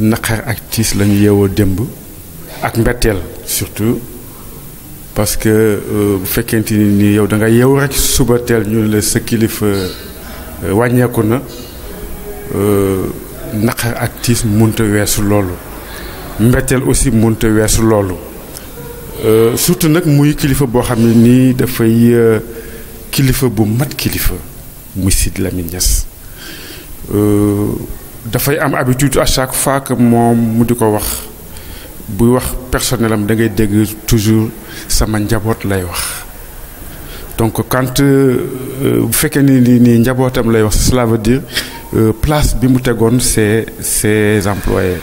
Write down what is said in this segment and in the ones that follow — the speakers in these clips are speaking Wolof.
naqar ak tiis la ñu yeewoo ak mbetteel surtout parce que euh, bu fekkente ni yow da nga yeewu rek suba teel ñu la sa kilifa euh, wàññeeku na euh, naqar ak tiis mënut weesu loolu mbetteel aussi mënut weesu loolu surtout nag muy kilifa boo xam ne nii dafay kilifa bu mat kilifa muy Sidy Lamine Niass. fay am habitude à chaque fois que mom mu diko wax bu personnel da ngay dégg toujours sama njabot lay wax donc quand euh, euh, bu fekkee ni ni je njabootam lay wax cela veut dire euh, place bi mu tegoon ses employés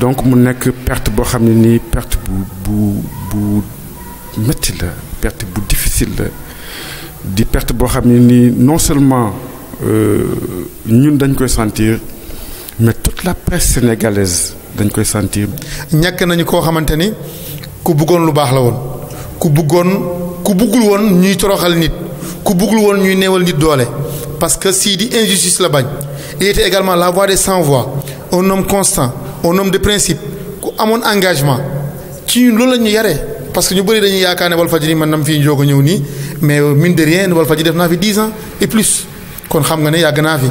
donc mu nekk perte boo xam perte bu bu bu métti la perte bu difficile la perte boo non seulement euh, ñun dañ koy sentir mais toute la presse sénégalaise dañ koy sentir. ñak nañu ko xamante ni ku bëggoon lu baax la woon ku bëggoon ku bëggul woon ñuy toroxal nit ku bëggul woon ñuy neewal nit doole parce que sii di injustice la bañ il était également la voix des sans voix un homme constant un homme de principe ku amoon engagement ci ñun loolu la ñu parce que ñu bëri dañuy yaakaar ne Walfadjri man nam fii njóog a ñëw nii mais euh, mine de rien Walfadjri def naa fi 10 ans et plus kon xam nga ne yàgg naa fi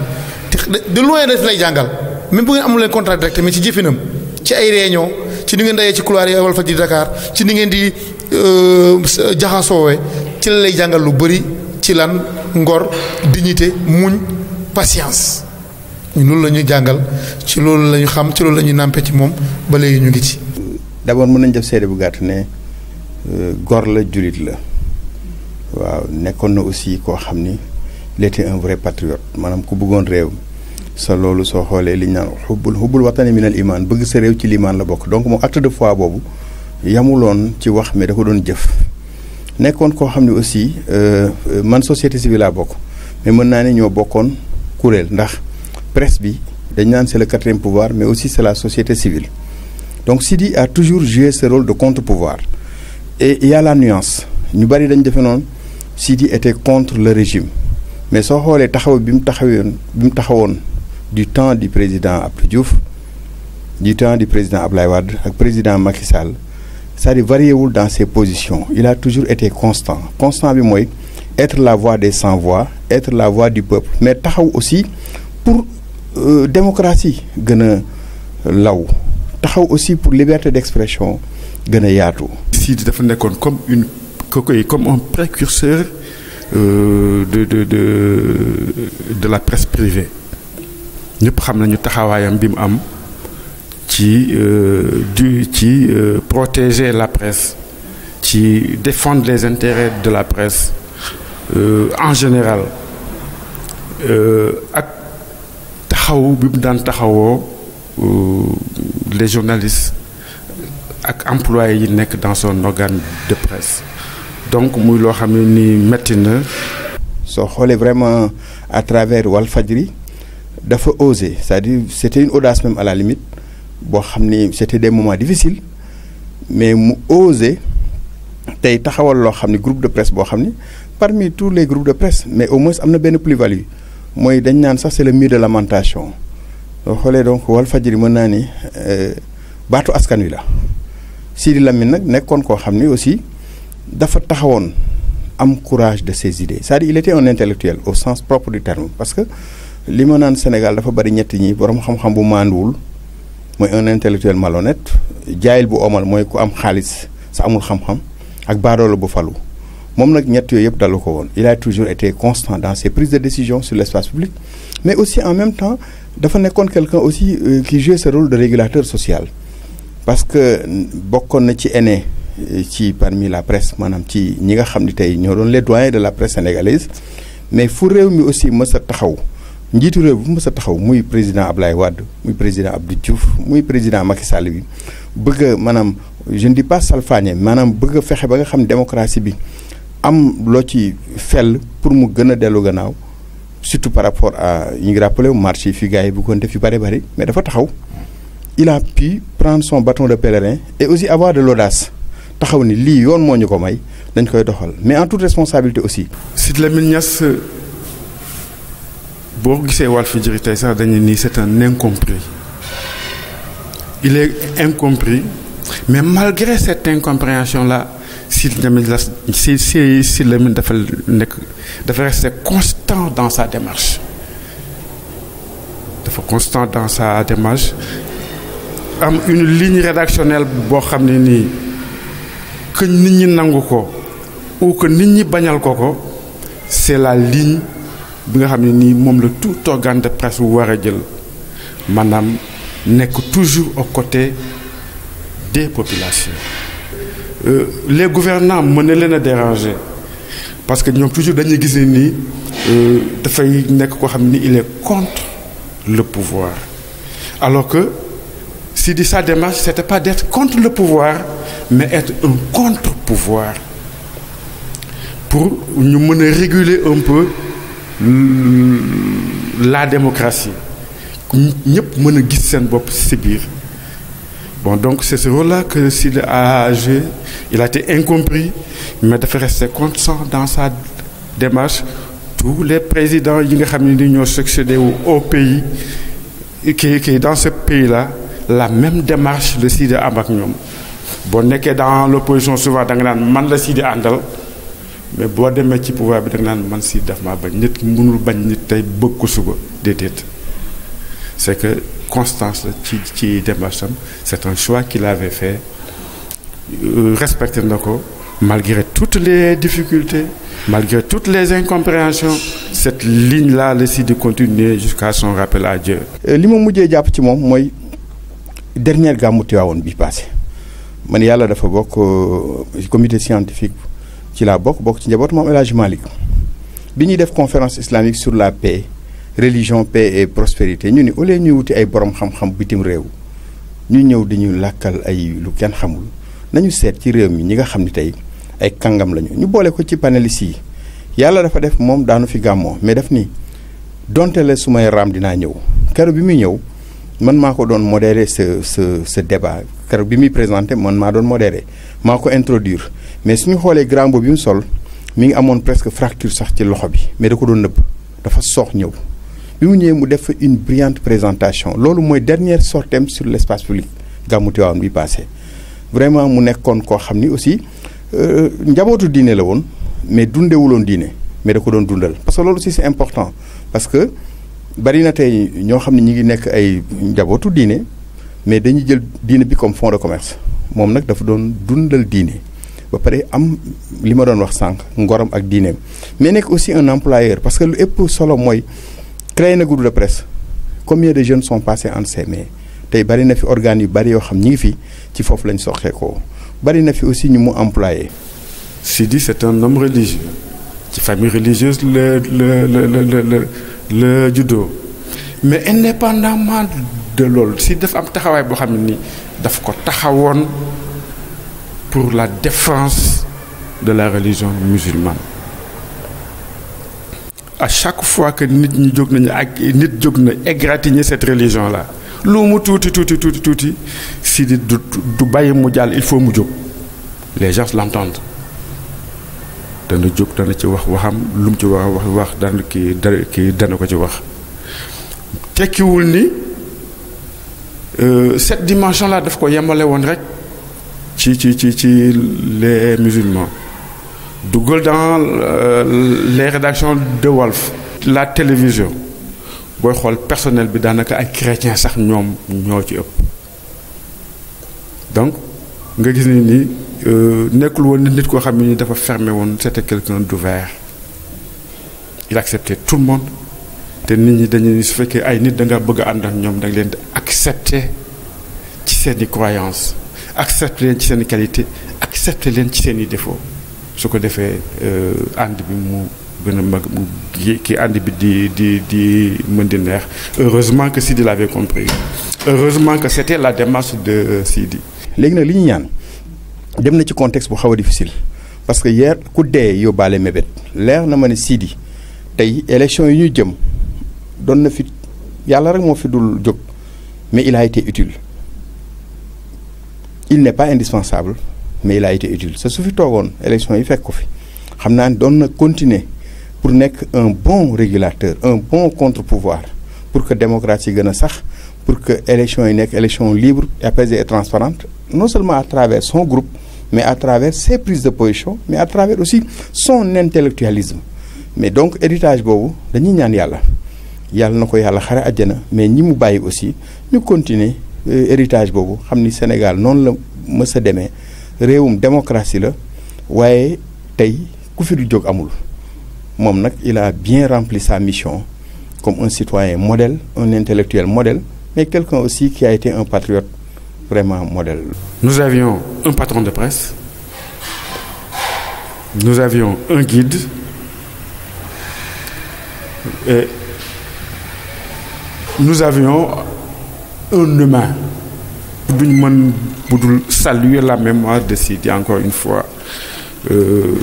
te de loin daf lay jàngal même bu ngeen amul leen contrat direct mais ci jëfinam ci ay réunion ci ni ngeen dayee ci couloir yi wal fa di Dakar ci ni ngeen di euh, jaxasoowee ci la lay jàngal lu bari ci lan ngor di dignité muñ patience ñu loolu la ñuy jàngal ci loolu la xam ci loolu la ñuy nàmpe ci moom ba léegi ñu ngi ci. d'abord mën nañ def seede bu gàtt ne euh, gor la jullit la waaw nekkoon na aussi koo xam ni. il était un vrai patriote manam ku bëggoon réew sa loolu soo xoolee li ñaan naan xubbul watani min al iman bëgg sa réew ci liman la bokk donc moom acte de foi boobu yamuloon ci wax mais dafa doon jëf nekkoon koo xam ne aussi euh, man société civile laa bokk mais mën naa ne ñoo bokkoon kuréel ndax presse bi dañ naan c'est le quatrième pouvoir mais aussi c'est la société civile donc Sidi a toujours joué ce rôle de contre-pouvoir et il y a la nuance ñu bari dañ defe noonu Sidi était contre le régime mais soo xoolee taxaw bi mu taxawoon bi du temps du président Abdou Diouf du temps du président Ablaye Wade ak président Macky Sall cest varié dans ses positions il a toujours été constant constant bi mooy être la voix des sans voix être la voix du peuple mais taxaw aussi pour euh, démocratie gën a law taxaw aussi pour liberté d'expression gën a yaatu. si dafa nekkoon comme une comme un précurseur. Euh, de de de la presse privée Nous avons nañu nous bi qui am euh, du euh, protéger la presse qui défend les intérêts de la presse en général les journalistes ak employés dans son organe de presse donc muy loo xam na. vraiment à travers il dafa osé c'est-à-dire c'était une audace même à la limite c'était des moments difficiles mais mu osé tey taxawal groupe de presse parmi tous les groupes de presse mais au moins am na plus-value Moi, c'est le mur de lamentation soo donc mën naa ni euh, baatu askan wi la Sidi Lamine nag nekkoon ni aussi dafa am courage de ses idées c'est-à-dire il était un intellectuel au sens propre du terme parce que li ma Sénégal dafa bari ñett ñi borom xam-xam bu un intellectuel malhonnête jaayil bu omal moy ku am xaalis sa amul xam-xam ak barolo bu falu mom nak ñet yooyu yëpp dalu ko il a toujours été constant dans ses prises de décision sur l'espace public mais aussi en même temps dafa nekkoon quelqu'un aussi euh, qui jouait ce rôle de régulateur social parce que bokkon na ci aîné ci parmi la presse manam ci ñi nga xam ne ñoo doon les doyens de la presse sénégalaise mais fu réew mi aussi mës taxaw njiitu réew bu mës taxaw muy président Ablaye Wade muy président Abdou Diouf muy président Macky Sall bi bëgg manam je ne dis pas salfaañe manam bëgg fexé ba nga xam démocratie bi am lo ci fell pour mu gëna a gannaaw surtout par rapport à ñu ngi rappelé marché yi fi gars yi bëggoon def yu bëri bëri mais dafa taxaw il a pu prendre son bâton de pèlerin et aussi avoir de l'audace taxaw ni lii yoon moo ñu ko may dañ koy doxal mais en toute responsabilité aussi. Sidy Lamine Niass boo gisee Walfadjri tey sax nii c'est un incompris il est incompris mais malgré cette incompréhension là si Lamine Niass si si Sidy Lamine dafa nekk dafa rester constant dans sa démarche dafa constant dans sa démarche am une ligne rédactionnelle boo xam ne que nit ñi nangu ou que nit ñi bañal ko ko c'est la ligne bi nga xamni ni mom le tout organe de presse wara jël manam nek toujours aux côtés des populations euh, les gouvernants ne na a déranger parce que ñom toujours dañuy gis ne euh da fay il est contre le pouvoir alors que si sa démarche, ce n'était pas d'être contre le pouvoir, mais être un contre-pouvoir. Pour nous réguler un peu la démocratie. Nous Bon, donc c'est ce rôle-là que s'il a joué. Il a été incompris, mais de rester constant dans sa démarche. Tous les présidents qui ont succédé au pays, qui, est dans ce pays-là, la même démarche de Sidi Abaknyom. ak on est dans l'opposition souvent dans le naan man la Sidi Andal, mais boo demee ci pouvoir bi da nga naan man Sidi daf maa bañ nit mënul bañ nit tey bëgg ko suba c'est que constance qui est démarche c'est un choix qu'il avait fait euh, respecté na malgré toutes les difficultés malgré toutes les incompréhensions cette ligne là le Sidi continuer jusqu'à son rappel à Dieu. Euh, li que mujjee jàpp ci moom dernière gàmmu Tiwaawoon bi passé man yàlla dafa bokk euh, comité scientifique ci laa bokk bokk ci njabootu moom El Hadj Malick def conférence islamique sur la paix religion paix et prospérité ñu ni au lieu ñuy wuti ay borom xam-xam bitim réew ñu ñëw di ñu làkkal ay lu kenn xamul nañu seet ci réew mi ñi nga xam ne ay kangam lañu ñu boole ko ci panélistes yi yàlla dafa def moom daanu fi gàmmoo mais daf ni donte la sumay ram raam dinaa ñëw keroog bi muy ñëw man maa ko doon modérer ce ce ce débat car bi muy présenté man maa doon modérer maa ko introduire mais suñu xoolee grand boobu bi mu sol mi ngi amoon presque fracture sax ci loxo bi mais da ko doon nëbb dafa soox ñëw bi mu ñëwee mu def une brillante présentation loolu mooy dernière sortem sur l' espace public gàmmu Tiwaawan bi passé vraiment mu nekkoon koo xam ni aussi euh, njabootu diine la woon mais dundewuloon diine mais da ko doon dundal parce que loolu aussi c' est important parce que bari na tey ñoo xam ne ñu ngi nekk ay njabootu diine mais dañuy jël diine bi comme fond de commerce moom nag dafa doon dundal diine ba pare am li ma doon wax sànq ngorom ak diineem mais nekk aussi un employeur parce que lu ëpp solo mooy créer na groupe de presse combien de jeunes sont passés en ses mains e? tey bari na fi organe yu bari yoo xam ñi ngi fi ci foofu lañ soxee ko bari na fi aussi ñu mu employé. Sidi c'est un homme religieux ci famille religieuse le le le le le judo mais indépendamment de l'autre si def pour la défense de la religion musulmane à chaque fois que nous ñi cette religion là si il faut les gens l'entendent dana jóg dana ci wax waxam lu mu ci wax wax wax dan ki dana dana ko ci wax tekkiwul ni euh, cette dimension là daf ko yemale woon rek ci ci ci ci les musulmans dugal dans euh, les rédactions de wolf la télévision booy xool personnel bi danaka ay chrétiens sax ñoom ñoo ci ëpp donc nga gis ni ni euh, nekul won nit ko xamni ni dafa fermé won c'était quelqu'un d'ouvert il acceptait tout le monde te nit ñi dañuy su fekké ay nit da nga bëgg a ak da nga leen accepter ci seen croyances accepter leen ci sen qualité accepter leen ci sen défaut défauts su ko euh and bi mu gën mag mu ki and bi di di di mën neex heureusement que Sidi l'avait compris heureusement que c'était la démarche de euh, Sidi léegi nag li ñu ñaan dem na ci contexte bu xaw difficile parce que hier ku dee yóbbaale mébét leer na ma ne Sidi tey élection yi ñu jëm doon na fi yàlla rek moo fi dul mais il a été utile il n'est pas indispensable mais il a été utile sa su fi toogoon élection yi fekk ko fi xam na continuer pour nekk un bon régulateur un bon contre-pouvoir pour que démocratie soit gën sax pour que l'élection unique, une élection libre apaisée et transparente non seulement à travers son groupe mais à travers ses prises de position mais à travers aussi son intellectualisme mais donc héritage boobu nous ñaan yàlla yàlla na ko yàlla xare mais ñi mu aussi ñu continuer euh, héritage boobu xam Sénégal non la mës a démocratie la waaye tey ku jog amul il a bien rempli sa mission comme un citoyen modèle un intellectuel modèle mais quelqu'un aussi qui a été un patriote vraiment modèle. Nous avions un patron de presse, nous avions un guide, et nous avions un humain. Pour saluer la mémoire de Sidi encore une fois. Euh,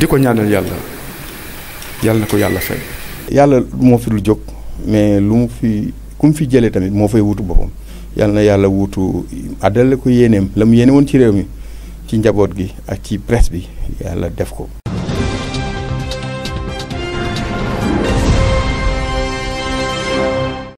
di ko ñaanal Yalla, yàlla fait le mais lu ku mu fi jëlee tamit moo fay wutu boppam yal na yàlla wutu àddale ko yéeneem la mu yéene woon ci réew mi ci njaboot gi ak ci presse bi yàlla def ko.